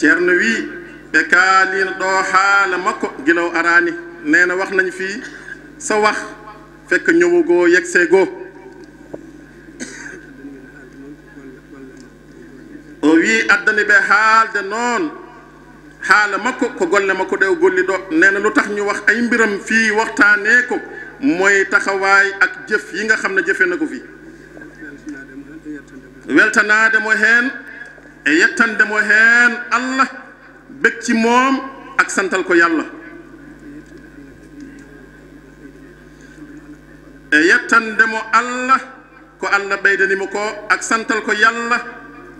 ceerno wi ɓe kaalino ɗo haala makko guilaw arani nena wax nañ fi sa wax fekk ñowugo yegse goo o wi addani ɓe haalde noon haala makko ko golle makko ɗe o golli ɗo nena lu tax ñu wax ay mbiram fi waxtane ko mooy taxawaay ak jëf yi nga xam ne jëfe na ko fi weltanade mo heen e yettande mo heen allah becci moom ak santal ko yalla e yettande mo allah ko allah ɓeydanimo ko ak santal ko yalla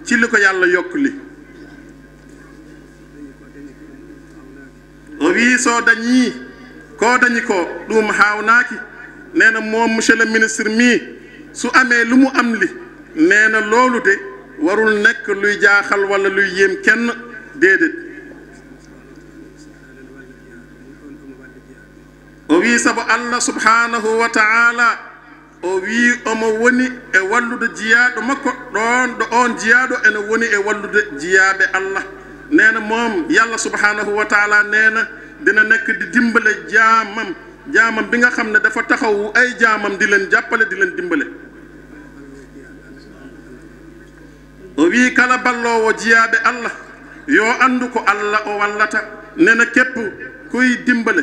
cilli ko yalla yokkuli o wi so dañii ko dañi ko ɗum hawnaaki nena moom monsieur le ministre mi su amee lu mu am li nena loolu de warul nekk luy jaaxal wala luy yéem kenn déedéet o wii sabu allah subhanahu wa taala o wii omo woni e wallude jiyaaɗo makko ɗoon ɗo oon jiyaaɗo ene woni e wallude jiyaaɓe allah neena moom yallah subhanahu wa taala neena dina nekk di dimbale jaamam jaamam bi nga xam ne dafa taxaw ay jaamam di leen jàppale di leen dimbale o wi kala ballowo jiyaɓe allah yo andu ko allah o wallata nena kepp koye dimbale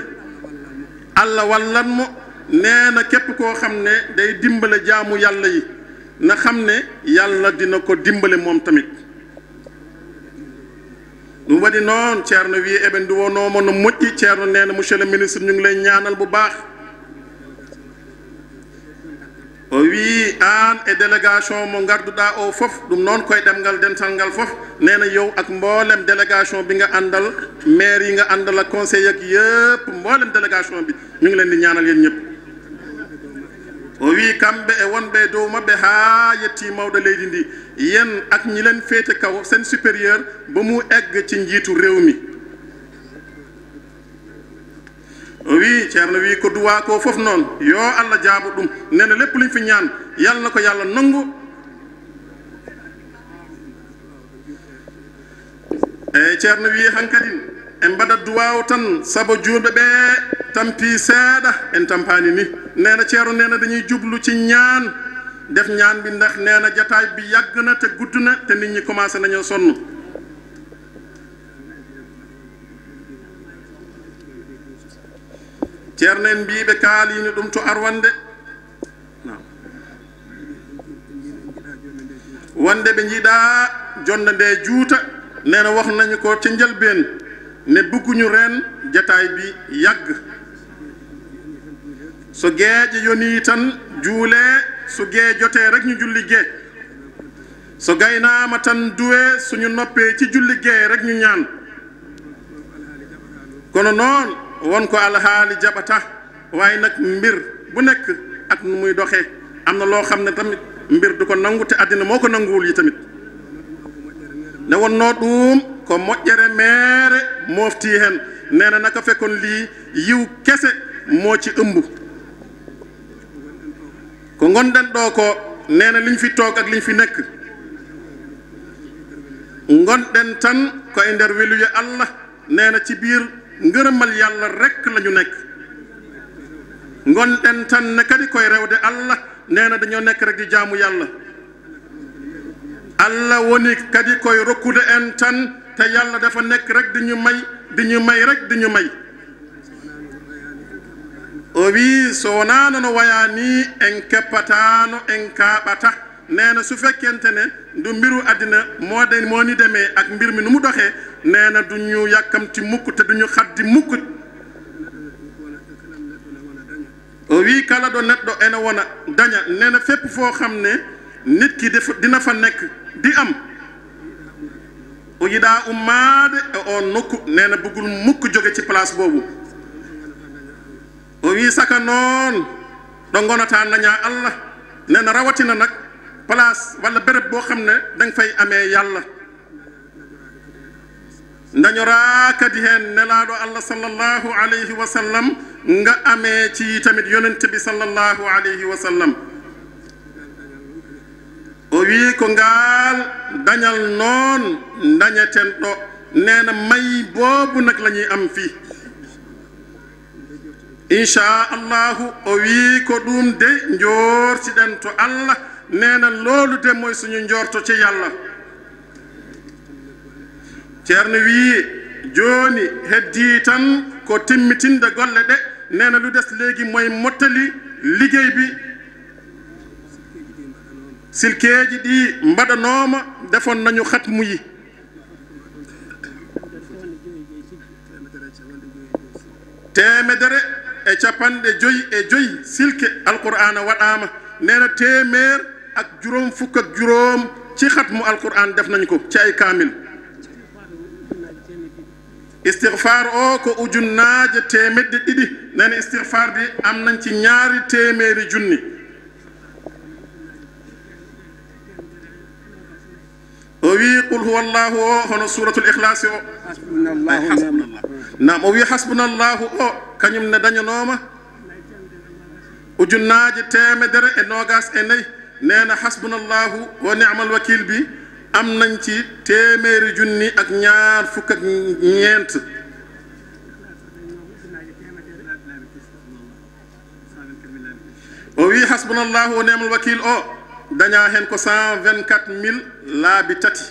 allah wallanmo nena kepp ko xamne day dimbale jaamu yalla yi na xamne yalla dina ko dimbale mom tamit ɗum waɗi noon ceerno wi eɓe nduwonomo no moƴƴi ceerno nena monsieur le ministre ñu ngi lay ñaanal bu baax o wii aan e délégation mo ngarduɗaa o fof ɗum noon koye ɗemngal dental ngal fof neena yow ak mboolem délégation bi nga anndal maire yi nga anndal ak conseil ak yëpp mboolem délégation bi mi ngi leen di ñaanal yéen ñëpp o wii kamɓe e wonɓe e dow maɓɓe haa yettii mawɗo leydi ndi yen ak ñi leen féete kaw seen supérieur ba mu egg ci njiitu réew mi ceerno wi ko duwa ko foof noon yo allah jaabo ɗum nene lépp lin fi ñaan yalna ko yalla nangu eyi ceerno wi hankadi en mbaɗat duwawo tan saabu juumɓe ɓe tampi seeɗa en tampani ni nena ceerno nena dañuy jublu ci ñaan def ñaan bi ndax nena jataay bi yaggna te gudduna te nit ñi commencé naño sonn ceerno en mbi ɓe kaalino ɗum to arwande wonde ɓe jiiɗa jonde nde juuta nene waxnañu ko tenjal ben ne bugguñu ren jataay bi yagg so geeƴe yoni tan juule so gee jote rek ñu julli gee so gaynama tan duwe suñu noppe ci julli gee rek ñu ñaan kono noon wonko alhaali jaɓata waye nag mbir bu nekk ak nu muy doxee am na loo xam ne tamit mbir du ko nangu te àddina moo ko nanguwul yi tamit ne wonnoo ɗuum ko moƴƴere meere mooftii heen nee na naka fekkoon lii yiw kese moo ci ëmb ko ngonden ɗoo ko nee na liñ fi toog ak liñ fi nekk ngonɗen tan ko e nder weluye allah nee na ci biir ngërëmal yàlla rekk lañu nekk ngonɗen tan ne kadi koye rewde allah neena dañoo nekk rek di jaamu yàlla allah woni kadi koye rokkude en tan te yàlla dafa nekk rek di ñu may di ñu may rek di ñu may o wii so wonaa nano wayaa nii en keppataano en kaaɓata neena su fekkente ne du mbiru adduna moo de moo ni demee ak mbir mi nu mu doxee neena duñu yàkkamti mukk te duñu xaddi mukk oh, wii kala do neɗɗo ene wona daña neena fépp foo xam ne nit ki def dina fa nekk di am yi daa ummaade e oo nokku neena bëggul mukk jóge ci place boobu oh, wii saka noon ɗo ngonataa nañaa allah neena rawatina nag place wala béréb boo xam ne da nga fay amee yàlla ndañu raakadi heen nelaado allah salallahu alayhi wa sallam nga amee ci tamit yonent bi salallahu alayhi wa sallam o wii ko ngaal dañal noon ndañeten ɗo nee na may boobu nag la ñuy am fii incha allahu o wii ko ɗum de njoor si ɗen to allah neena loolu de moy suñu njorto ci yàlla ceerno wii jooni heddii tan ko timmitinde golle ɗe neena lu des léegi mooy mottali liggéey bi silkeeji ɗi mbaɗanooma defoon nañu xat muyi teemedere e capanɗe joyi e joyi silke alqur'ana waɗaama neena téeméer ak juróom fukk ak juróom ci xatmu alquran def nañ ko ci ay kaamil istighfar o ko ujunnaaje temedde ɗiɗi nani istighfar bi am nañ ci ñaari téeméeri junni o wi qul huwa llahu o hono suratul ikhlas o nam o wi hasbunallahu o kañum ne dañanoma ujunnaaje temedere e nogas e nayyi nee na hasbunallahu wa nicmal wakil bi am nañ ci téeméeri junni ak ñaar fukk ak ñeent o wi hasbunallahu wa nicmal wakil o dañaa heen ko 124 mille laabi tati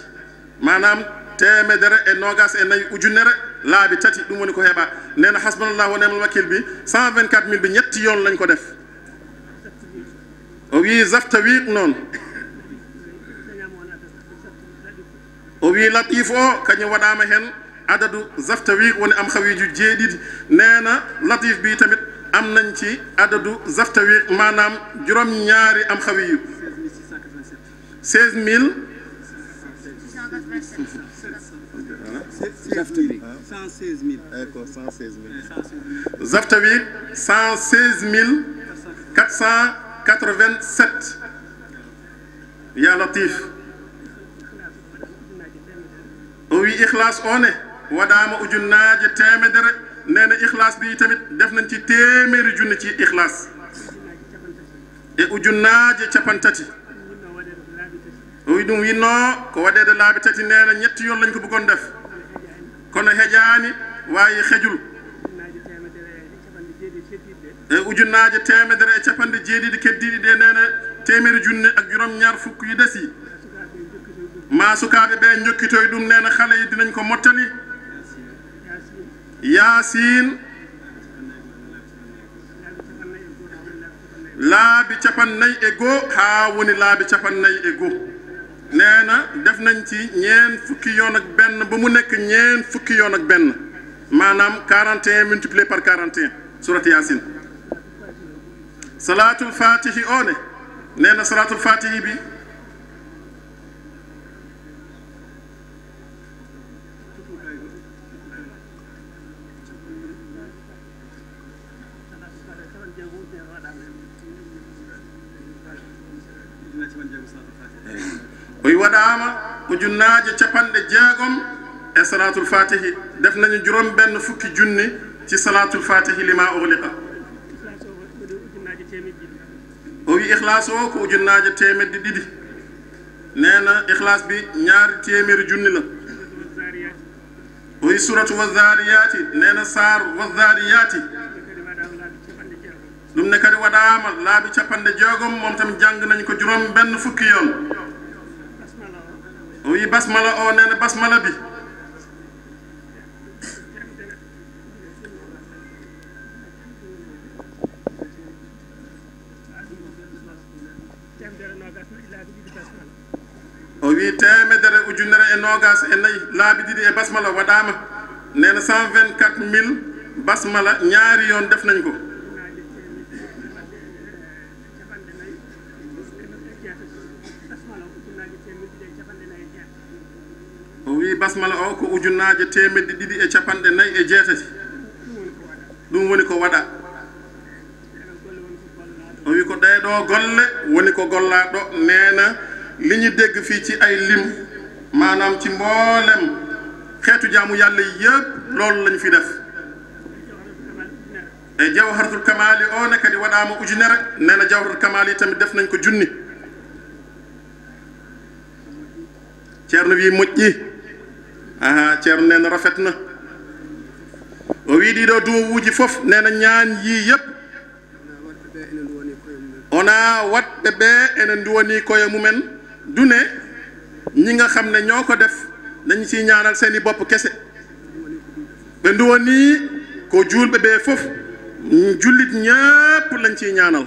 maanaam téeméedere e noogaas e nayi ujunere laabi tati ɗum woni ko heɓa nee na hasbunallahu wa nicmal wakil bi 124 mille bi ñetti yoon lañ ko def o wii zafta wiik noon o wii latif o kañum waɗama hen adadu zafta wiik woni am hawiju jeeɗiɗi nena latif bi tamit am nañ ci adadu zafta wiik manam juróom ñaari am hawiyu 16 000 Zaftawi 116 400 87 يا لطيف وي اخلاص اوني ودام اوجن ناج تيمدر نانا اخلاص بي تيمت ديف نان تي تيمير جون تي اخلاص اي اوجن ناج تشبانتاتي وي دوم وي نو كو وديد لابيتاتي نانا نيت يون لنجو بوكون ديف كون هجاني واي خجول E ujunnaaje temedere e de jeeɗiɗi keddiɗi ɗe nene temere junne ak ñaar fukk desi ma sukaaɓe ɓe jokkitoye ɗum nene xale yi dinañ ko mottali yasin e haa woni e def nañ ci ñeen yoon ak par 41 salatul fatihi o ne nena salatul fatihi bi oyi waɗama ujunnaje capanɗe jeegom e salatul fatihi def nañu juroom benn fukki junni ci salatul fatihi lima ohlika bi ixlaas oo ko ujunnaaje téeméer di ɗiɗi nee na bi ñaari téeméeri junni la oyi suratu wazariyaati nee na saar wazariyaati ɗum ne kadi waɗaama laabi capanɗe jeegom moom tam jàng nañ ko juróom benn fukki yoon o yi basmala o nee basmala bi e nogas e nayyi laabi ɗiɗi e basmala waɗama nena cent vingt quatre mille basmala ñaari yon def nañ ko o wi basmala o ko ujunnaje temedde ɗiɗi e capanɗe nayyi e jeetati ɗum woni ko waɗa o wi ko ɗeɗo golle woni ko gollaɗo nena liñi degg fii ci ay lim maanaam ci mboolem xeetu jaamu yàlla yëpp loolu lañ fi def e jawharatul kamali o ne kadi waɗaama ujunere nee na jawharatul kamali tamit def nañ ko junni ceerno wii moƴƴi aha ceerno nee na rafet na o wii ɗii ɗoo duwo wuuji fof nee na ñaan yii yëpp onaa waɗɓe ɓee enen duwanii koye mumen dune ñi nga xam ne ñoo ko def nañ ci ñaanal seeni bopp kese ɓe nduwo ni ko julɓe ɓe fof jullit ñépp lañ ciy ñaanal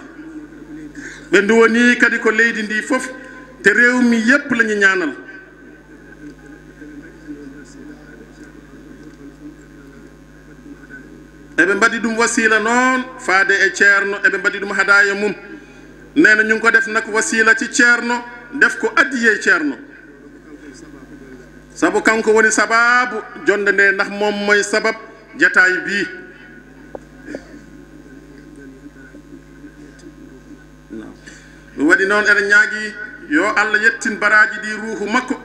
ɓe nduwo ni kadi ko leydi ndi fof te réew mi yépp lañu ñaanal eɓe mbaɗi ɗum wasila non, faade e ceerno eɓe mbaɗi hadaya mum nena ñu ko def nak wasila ci ceerno def ko sabu kanko woni sababu jonde nde ndax moom moy sabab jataay bii ɗum waɗi noon ene ñaagi yo allah yettin baraji ɗi ruuhu makko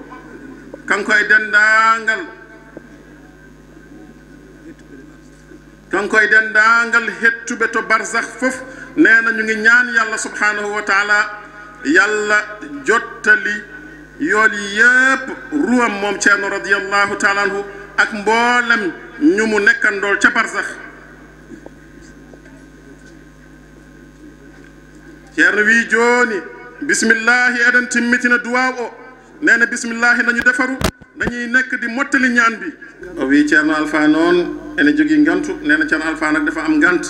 kanko e dendangal kanko e dendangal hettuɓe to barzah fof nena ñu ngi ñaan yallah subhanahu wa taala yallah jottali yooli yëpp ruwam moom ceerno radiallahu taala anhu ak mboolem ñu mu nekkandool ca barsax ceerno wii jooni bismillahi eden timmitina duwaaw o nee na bismillahi nañu defaru dañuy nekk di mottali ñaan bi o wii ceerno alpha noon ene jógi ngantu nee na ceerno alpha nag dafa am ngant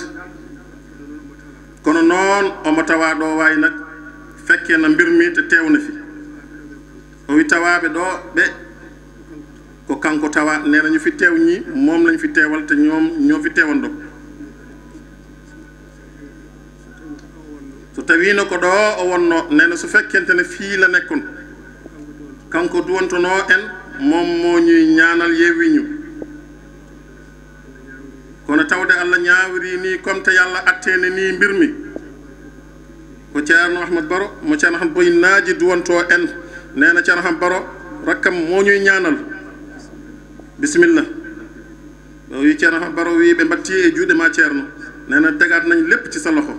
kono noon omo tawaa ɗoo waay nag fekkee na mbir mi te teew na fi o wi tawaɓe ɗo ɓe ko kanko tawa nena ñufi tew ñi moom lañ fi tewal te ñoom ñoofi tewan ɗo so tawino ko ɗo o wonno nena so fekkente ne fiila nekkon kanko duwantono en moom mooñu ñaanal yewi ñu kono tawde allah ñaawiri ni comme te yalla attene ni mbirmi ko ceerno ahmad baro mo ceerno ahmad boyi naaji duwanto en neena na raham Baro rakam mo ñuy ñaanal bismillah wi ci raham Baro wi be mbatti e juude ma ceerno neena na tegaat nañ lepp ci sa loxo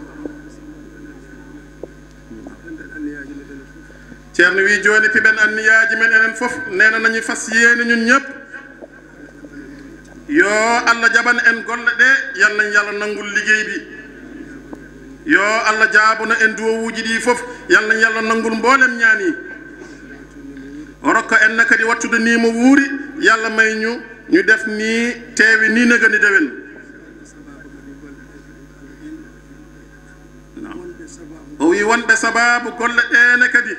ceerno wi jooni an anniyaaji men enen fof neena na nañu fas yene ñun ñepp yo allah jaban en golle de yalla nañ nangul liggéey bi yo allah jaabuna en duwowuji di fof yallah yalla nangul mbolem ñaani rokka enne kadi wattude ni mo wuuri yallah mayñu ñu def ni teewi ni ne gani dewen o wi wonɓe sababu golle ɗene kadi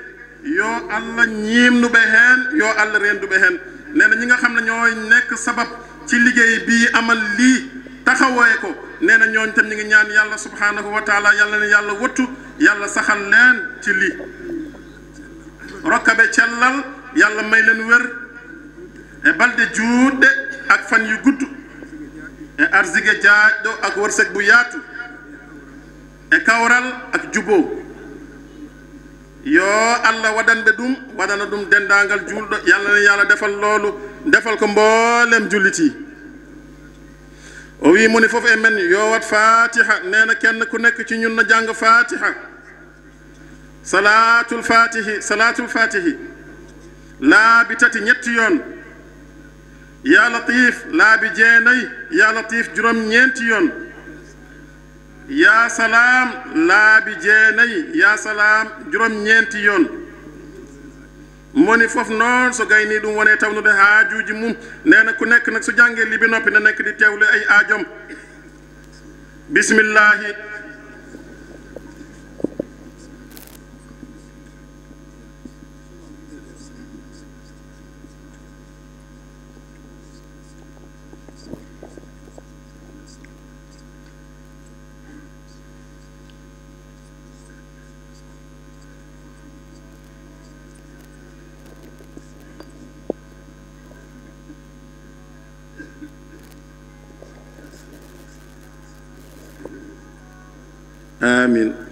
yo allah ñimnuɓe heen yo allah renduɓe heen nena ñi nga xam ne ñooy nekk sabab ci liggéey bi amal lii taxawooye ko nena ñooñ tam ñi ngi ñaan yàlla subhanahu wa taala yàlla ne yàlla wattu yàlla saxal leen ci lii rokkabe cellal yalla may len wer e balde juutɗe ak fan yu guddu e arsigue diaƴɗo ak warsak bu yaatu e kawral ak juboo yo allah waɗanɓe ɗum waɗana ɗum dendagal juulɗo yalla ne yaala defal loolu defal ko mboolem julliti o wi moni foof e men yo wat fatiha nena kenn ku nekk ci ñun na jang fatiha salatul fatihi salatul fatihi laa bi tati ñetti yoon yaa latiif laa bi jeenay yaa latiif juróom ñeenti yoon yaa salaam laa bi jeenay yaa salaam juróom ñeenti yoon moni foofu noon so gay nii ɗum wone tawnude haajuuji mum nee na ku nekk nag su jàngee li bi noppi na nekk di teewle ay aajom bismillahi آمين